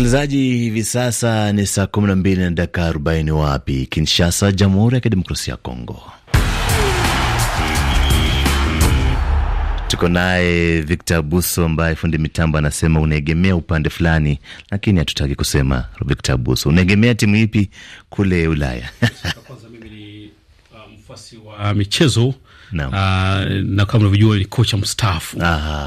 Msikilizaji, hivi sasa ni saa kumi na dakika arobaini wapi Kinshasa, Jamhuri ya Kidemokrasia ya Kongo. Tuko naye Victor Buso ambaye fundi mitambo anasema unaegemea upande fulani, lakini hatutaki kusema. Victor Buso, unaegemea timu ipi kule Ulaya? Kwanza mimi ni uh, mfuasi wa michezo Ah, na kama unavyojua ni kocha mstaafu.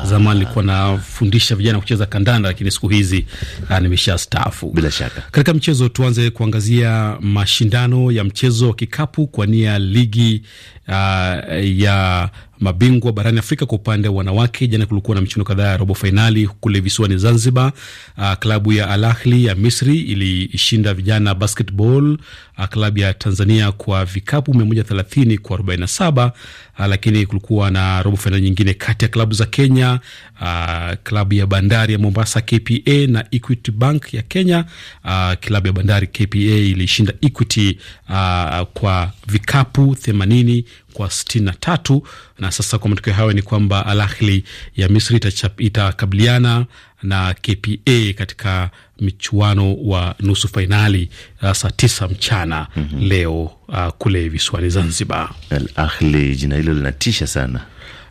Zamani nilikuwa nafundisha vijana kucheza kandanda, lakini siku hizi ah, nimesha staafu. Bila shaka, katika mchezo tuanze kuangazia mashindano ya mchezo wa kikapu kwa nia ligi uh, ya mabingwa barani Afrika kwa upande wa wanawake. Jana kulikuwa na michuano kadhaa ya robo fainali kule visiwani Zanzibar. Uh, klabu ya Al Ahli ya Misri ilishinda vijana basketball uh, klabu ya Tanzania kwa vikapu 130 kwa 47. Uh, ah, lakini kulikuwa na robo fainali nyingine kati ya klabu za Kenya, uh, klabu ya bandari ya Mombasa KPA na Equity Bank ya Kenya. Uh, klabu ya bandari KPA ilishinda Equity uh, kwa vikapu 80 kwa 63 na sasa kwa matokeo hayo ni kwamba Al Ahly ya Misri itakabiliana na KPA katika mchuano wa nusu fainali uh, saa tisa mchana mm -hmm. leo uh, kule visiwani Zanzibar. Al Ahly, jina hilo linatisha sana.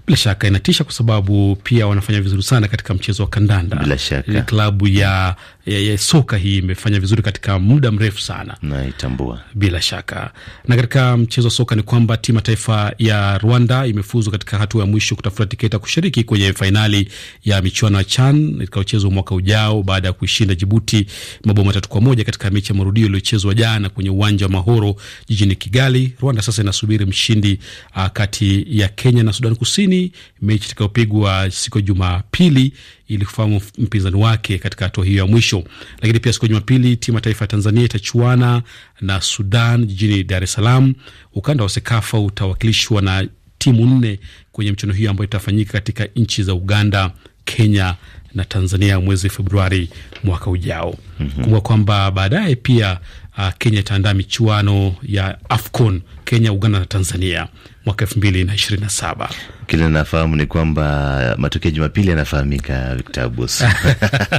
Bila shaka inatisha kwa sababu pia wanafanya vizuri sana katika mchezo wa kandanda. Bila shaka klabu ya ya, ya soka hii imefanya vizuri katika muda mrefu sana, naitambua bila shaka. Na katika mchezo wa soka ni kwamba timu ya taifa ya Rwanda imefuzu katika hatua ya mwisho kutafuta tiketi ya kushiriki kwenye fainali ya michuano ya CHAN itakayochezwa mwaka ujao baada ya kuishinda Jibuti mabao matatu kwa moja katika mechi ya marudio iliyochezwa jana kwenye uwanja wa Mahoro jijini Kigali. Rwanda sasa inasubiri mshindi uh, kati ya Kenya na Sudan Kusini, mechi itakayopigwa siku ya Jumapili ili kufahamu mpinzani wake katika hatua hiyo ya mwisho. Lakini pia siku ya Jumapili timu ya taifa ya Tanzania itachuana na Sudan jijini Dar es Salaam. Ukanda wa SEKAFA utawakilishwa na timu nne kwenye mchuano hiyo ambayo itafanyika katika nchi za Uganda, Kenya na Tanzania mwezi Februari mwaka ujao. mm -hmm. Kumbuka kwamba baadaye pia uh, Kenya itaandaa michuano ya AFCON Kenya, Uganda na Tanzania mwaka elfu mbili na ishirini na saba. Kile nafahamu ni kwamba matokeo ya Jumapili yanafahamika, Victor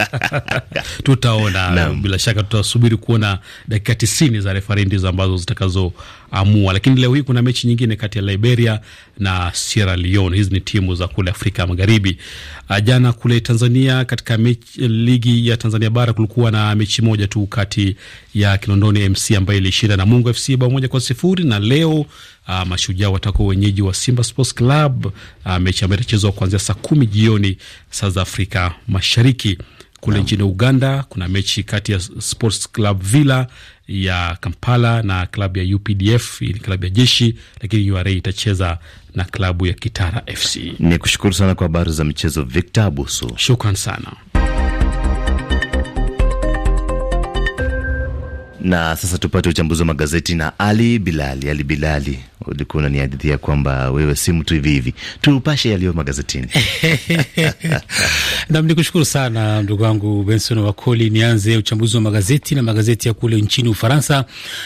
Tutaona Naam. Bila shaka tutasubiri kuona dakika tisini za ndizo ambazo zitakazoamua, lakini leo hii kuna mechi nyingine kati ya Liberia na Sierra Leone. Hizi ni timu za kule Afrika Magharibi. Ah, jana kule Tanzania, katika mechi, ligi ya Tanzania bara kulikuwa na mechi moja tu kati ya Kinondoni MC ambayo ilishinda Namungo FC bao moja kwa sifuri na leo Uh, mashujaa watakuwa wenyeji wa Simba Sports Club. Uh, mechi ambayo itachezwa kuanzia saa kumi jioni saa za Afrika Mashariki. Kule nchini Uganda kuna mechi kati ya Sports Club Villa ya Kampala na klabu ya UPDF, ili klabu ya jeshi, lakini URA itacheza na klabu ya Kitara FC. Ni kushukuru sana kwa habari za michezo Victor Abuso, shukran sana. Na sasa tupate uchambuzi wa magazeti na Ali Bilali. Ali Bilali, ulikuwa unanihadithia kwamba wewe si mtu hivi hivi, tupashe yaliyo magazetini. Nam, ni kushukuru sana ndugu wangu Benson Wakoli. Nianze uchambuzi wa magazeti na magazeti ya kule nchini Ufaransa.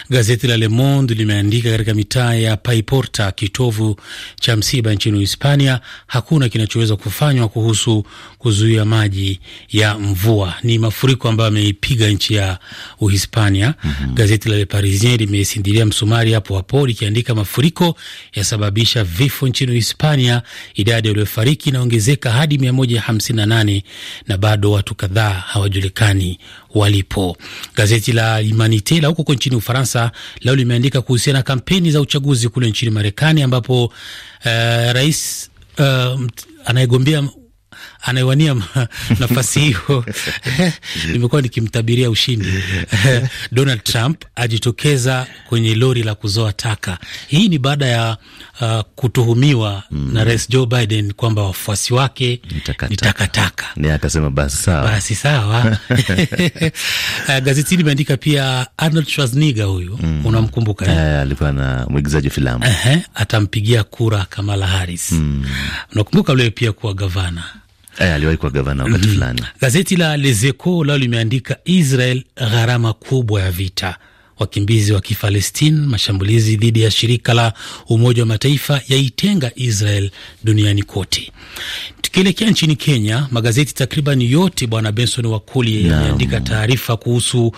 Gazeti la Le Monde limeandika katika mitaa ya Paiporta, kitovu cha msiba nchini Hispania, hakuna kinachoweza kufanywa kuhusu kuzuia maji ya mvua. Ni mafuriko ambayo ameipiga nchi ya Uhispania. -hmm. Gazeti la Le Parisien limesindilia msumari hapo hapo likiandika mafuriko yasababisha vifo nchini Hispania, idadi waliofariki inaongezeka hadi 158 na bado watu kadhaa hawajulikani walipo. Gazeti la Humanite la huko nchini Ufaransa lao limeandika kuhusiana na kampeni za uchaguzi kule nchini Marekani ambapo uh, rais uh, anayegombea anaewania nafasi hiyo nimekuwa nikimtabiria ushindi Donald Trump ajitokeza kwenye lori la kuzoa taka. Hii ni baada ya uh, kutuhumiwa mm. na Rais Joe Biden kwamba wafuasi wake ni takataka. Ni akasema basi sawa, basi sawa. Uh, gazetini imeandika pia Arnold Schwarzenegger huyu mm. unamkumbuka eh, Alikuwa na mwigizaji filamu uh -huh. atampigia kura Kamala Harris mm. unakumbuka leo pia kuwa gavana Eh, aliwahi kuwa gavana wakati mm -hmm. fulani. Gazeti la Les Echos lao limeandika Israel gharama kubwa ya vita wakimbizi wa Kifalestini, mashambulizi dhidi ya shirika la Umoja wa Mataifa yaitenga Israel duniani kote. Tukielekea nchini Kenya, magazeti takriban yote, Bwana Benson Wakuli, yameandika taarifa kuhusu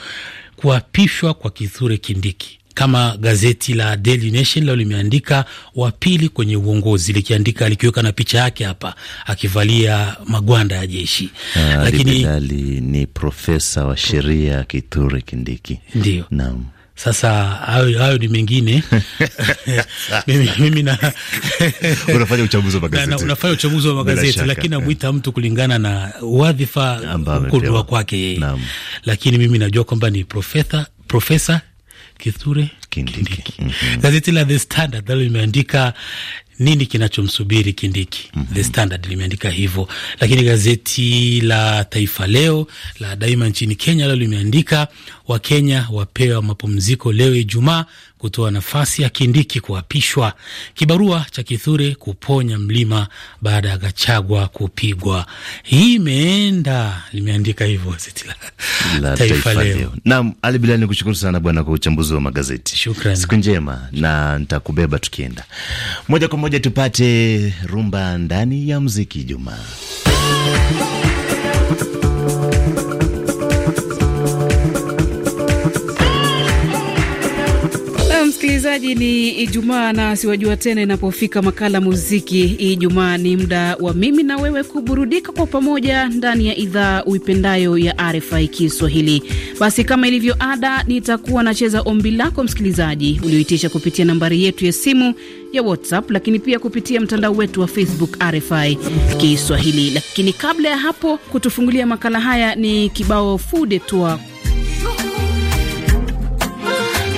kuapishwa kwa Kithure Kindiki kama gazeti la Daily Nation lao limeandika, wa pili kwenye uongozi, likiandika likiweka na picha yake hapa akivalia magwanda ya jeshi. Aa, ah, lakini ni profesa wa sheria Kithure Kindiki, ndio naam. Sasa hayo hayo ni mengine mimi, mimi na unafanya uchambuzi wa magazeti, unafanya uchambuzi wa magazeti lakini namwita eh. mtu kulingana na wadhifa kudoa kwake yeye, lakini mimi najua kwamba ni profesa profesa Kithure Kindiki. mm -hmm. Gazeti la The Standard nalo limeandika nini kinachomsubiri Kindiki. mm -hmm. The Standard limeandika hivyo, lakini gazeti la Taifa Leo la daima nchini Kenya lao limeandika Wakenya wapewa mapumziko leo Ijumaa kutoa nafasi ya Kindiki kuapishwa, kibarua cha Kithure kuponya mlima baada ya Gachagwa kupigwa. Hii imeenda limeandika hivyo gazeti la Taifa Leo. Naam, Ali Bilali, nikushukuru sana bwana kwa uchambuzi wa magazeti. Shukrani, siku njema, na nitakubeba tukienda moja kwa moja tupate rumba ndani ya mziki Jumaa Msikilizaji, ni Ijumaa na siwajua tena inapofika makala muziki Ijumaa. Ni muda wa mimi na wewe kuburudika kwa pamoja ndani ya idhaa uipendayo ya RFI Kiswahili. Basi kama ilivyo ada, nitakuwa nacheza ombi lako msikilizaji ulioitisha kupitia nambari yetu ya simu ya WhatsApp, lakini pia kupitia mtandao wetu wa Facebook RFI Kiswahili. Lakini kabla ya hapo, kutufungulia makala haya ni kibao fude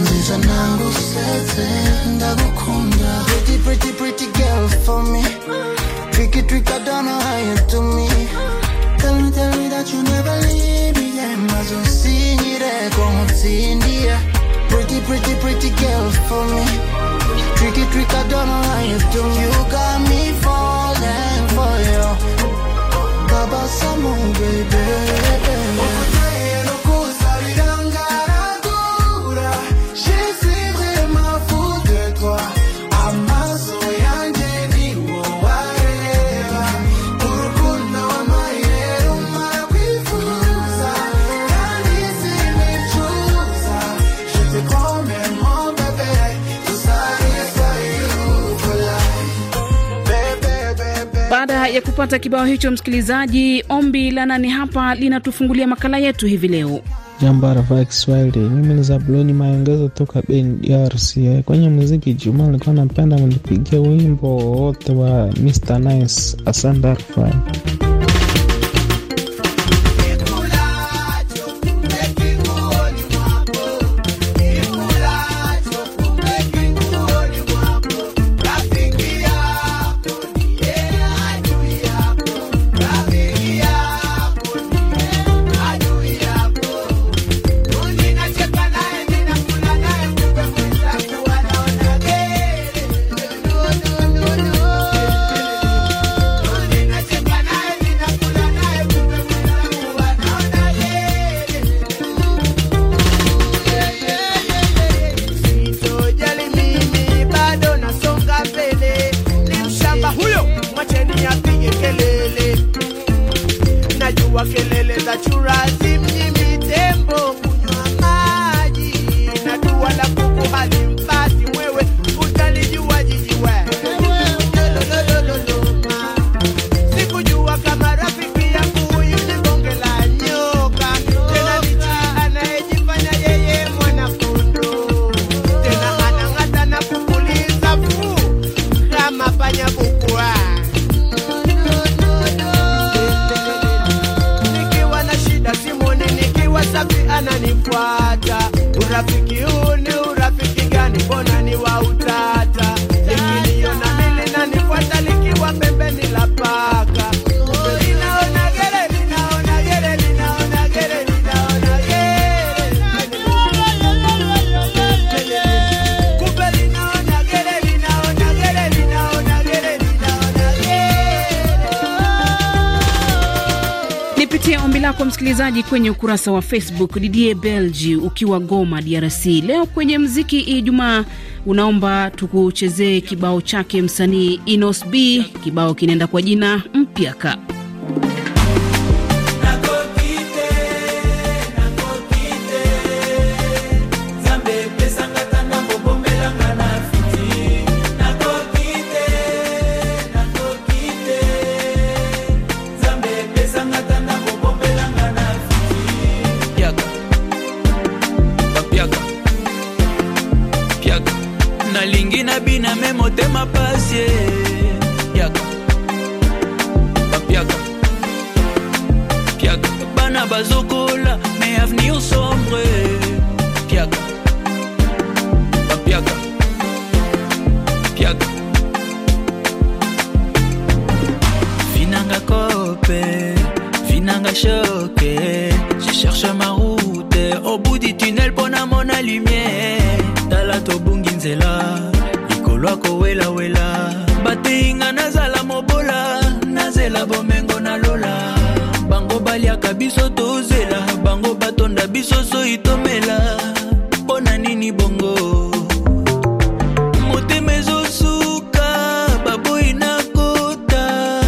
nziza nagusetse ndagukunda pretty pretty pretty girl for me tricky trick I don't know how you do me tell me tell me that you never leave me Yeah emaze unsinyireko nkutsindiye pretty pretty pretty girl for me tricky trick I don't know how you do you got kupata kibao hicho, msikilizaji. Ombi la nani hapa linatufungulia makala yetu hivi leo. Jambo rafaa Kiswahili, mimi ni Zabuloni Maongezo toka Beni, DRC. Kwenye muziki juma, nilikuwa napenda mlipigia wimbo wote wa Mr Nice. Asante rafaa. yako msikilizaji kwenye ukurasa wa Facebook. Didie Belgi ukiwa Goma, DRC, leo kwenye mziki Ijumaa unaomba tukuchezee kibao chake msanii Inos B. Kibao kinaenda kwa jina Mpyaka. batondelaka biso tozela bango batonda biso soi tomela mpo na nini bongo motema ezosuka baboyi na kota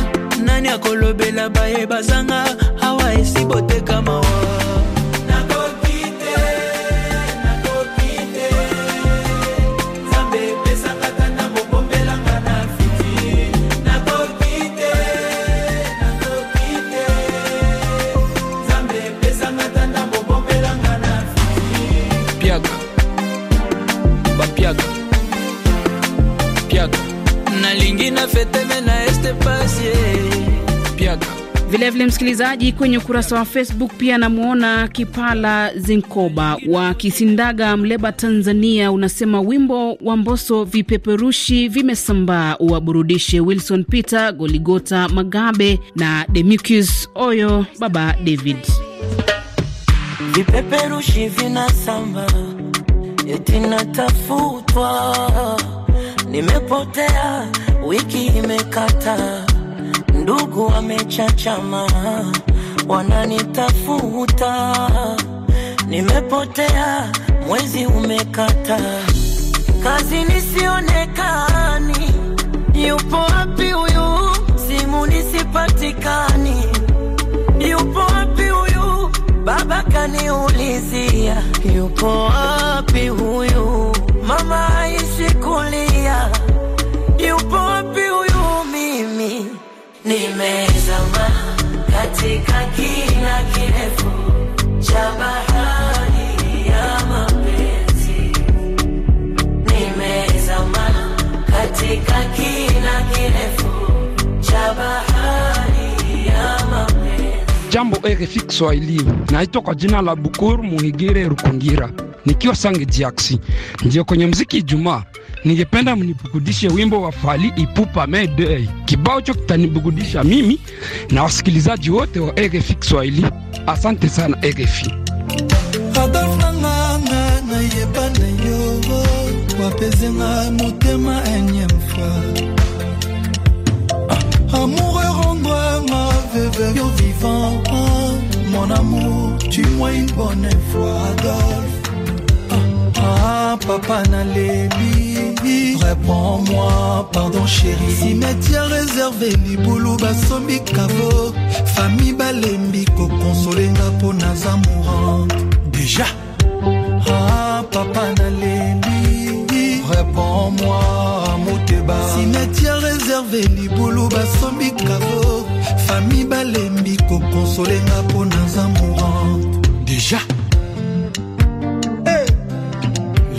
nani akolobela baye bazanga awa esi boteka mawa Vilevile msikilizaji, kwenye ukurasa wa Facebook pia anamwona Kipala Zinkoba wa Kisindaga, Mleba, Tanzania, unasema wimbo wa Mboso vipeperushi vimesambaa, uwaburudishe Wilson Peter, Goligota Magabe na Demikus Oyo, Baba David. Vipeperushi vinasamba eti natafutwa, nimepotea, wiki imekataa ndugu wamechachama, wananitafuta, nimepotea, mwezi umekata, kazi nisionekani, yupo wapi huyu? Simu nisipatikani, yupo wapi huyu? Baba kaniulizia, yupo wapi huyu? Mama kulia, yupo wapi nimezama katika kina kirefu cha bahari ya mapenzi, nimezama katika kina kirefu cha bahari ya mapenzi. Jambo RFI Kiswahili, naitwa kwa jina la Bukuru Muhigire Rukungira, nikiwa Sange jiaksi ndio kwenye mziki Ijumaa ningependa mnibugudishe wimbo wa fali Ipupa med Kibao cho kitanibugudisha mimi na wasikilizaji wote wa RFI Kiswahili. Asante sana RFI. Mon amour, tu moi une bonne fois, Adolphe. Papa, nallez Réponds-moi, pardon chérie Cimetière réservé, boulou Basombi kabo Famille Balembi, n'a pour naza mourant Déjà Ah, papa Nalébi Réponds-moi, Mouteba Cimetière réservé, boulou Basombi kabo Famille Balembi, kokonsolenga pour naza mourant Déjà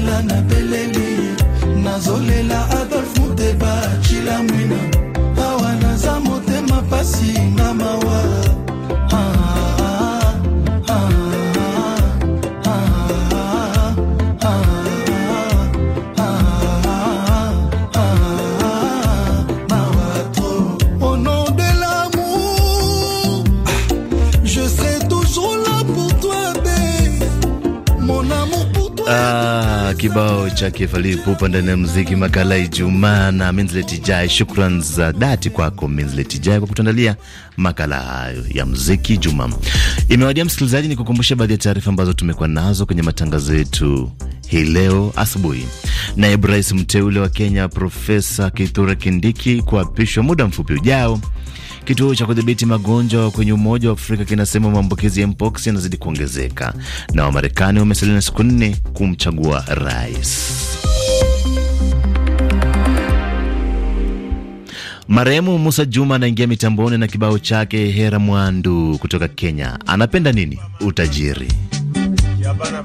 nazolela na beleli nazolela adolf muteba cila mwina awa naza motema pasi na mawa kibao cha Fally Ipupa ndani ya muziki makala Ijumaa na Minzleti Jai. Shukran za dhati kwako Minzleti Jai kwa kutuandalia makala hayo ya muziki Juma. Imewadia msikilizaji, ni kukumbusha baadhi ya taarifa ambazo tumekuwa nazo kwenye matangazo yetu hii leo asubuhi. Naibu rais mteule wa Kenya Profesa Kithure Kindiki kuapishwa muda mfupi ujao. Kituo cha kudhibiti magonjwa kwenye Umoja wa Afrika kinasema maambukizi ya mpox yanazidi kuongezeka, na Wamarekani wamesalia na siku nne kumchagua rais. Marehemu Musa Juma anaingia mitamboni na kibao chake Hera Mwandu kutoka Kenya. Anapenda nini? Utajiri. Yabana,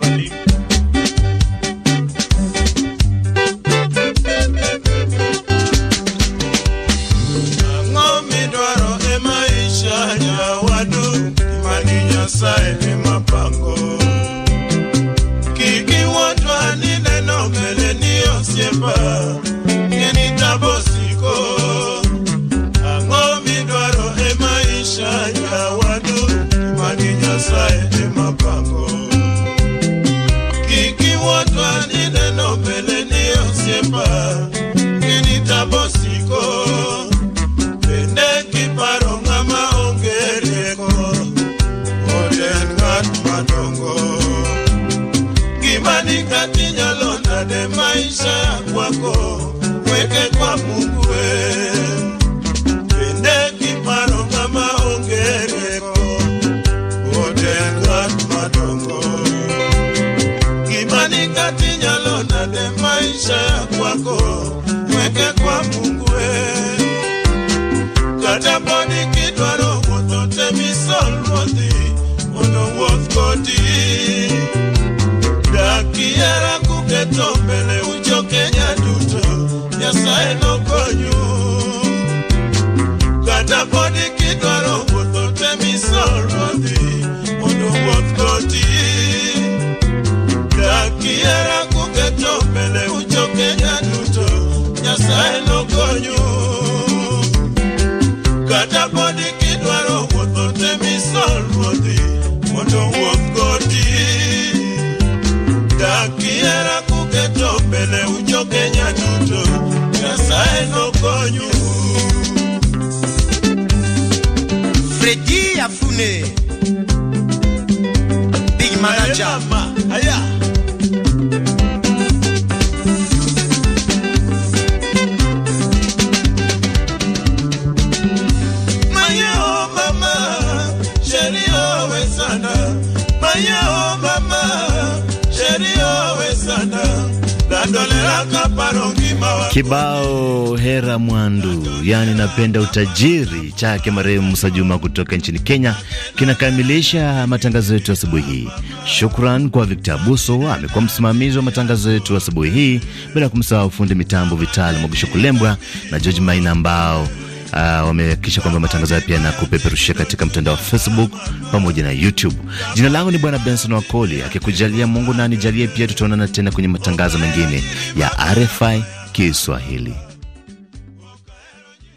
Nani kati nyalo nade maisha ya kwako Mweke kwa mungu we Kata poni kidwa rogo tote misol mothi Ono wolf koti Daki yara kuketo mbele ujo kenya duto Yasa eno konyu Kata poni kidwa kiera kuketo mbele uchokenya duto nyasaye nokonyu kata podi kidwaro wuotho temisol ruodhi mondo wuok godi dak kiera kuketo mbele uchokenya duto nyasaye nokonyu Fredi Afune Big Manager Mayerama. Kibao hera mwandu, yaani napenda utajiri, chake marehemu Musa Juma kutoka nchini Kenya, kinakamilisha matangazo yetu asubuhi hii. Shukran kwa Victor Abuso, amekuwa msimamizi wa matangazo yetu asubuhi hii, bila kumsahau fundi mitambo Vitali Mwagisho Kulembwa na George Maina ambao uh, wamehakikisha kwamba matangazo haya pia yanakupeperushia katika mtandao wa Facebook pamoja na YouTube. Jina langu ni Bwana Benson Wakoli, akikujalia Mungu na anijalie pia, tutaonana tena kwenye matangazo mengine ya RFI Kiswahili.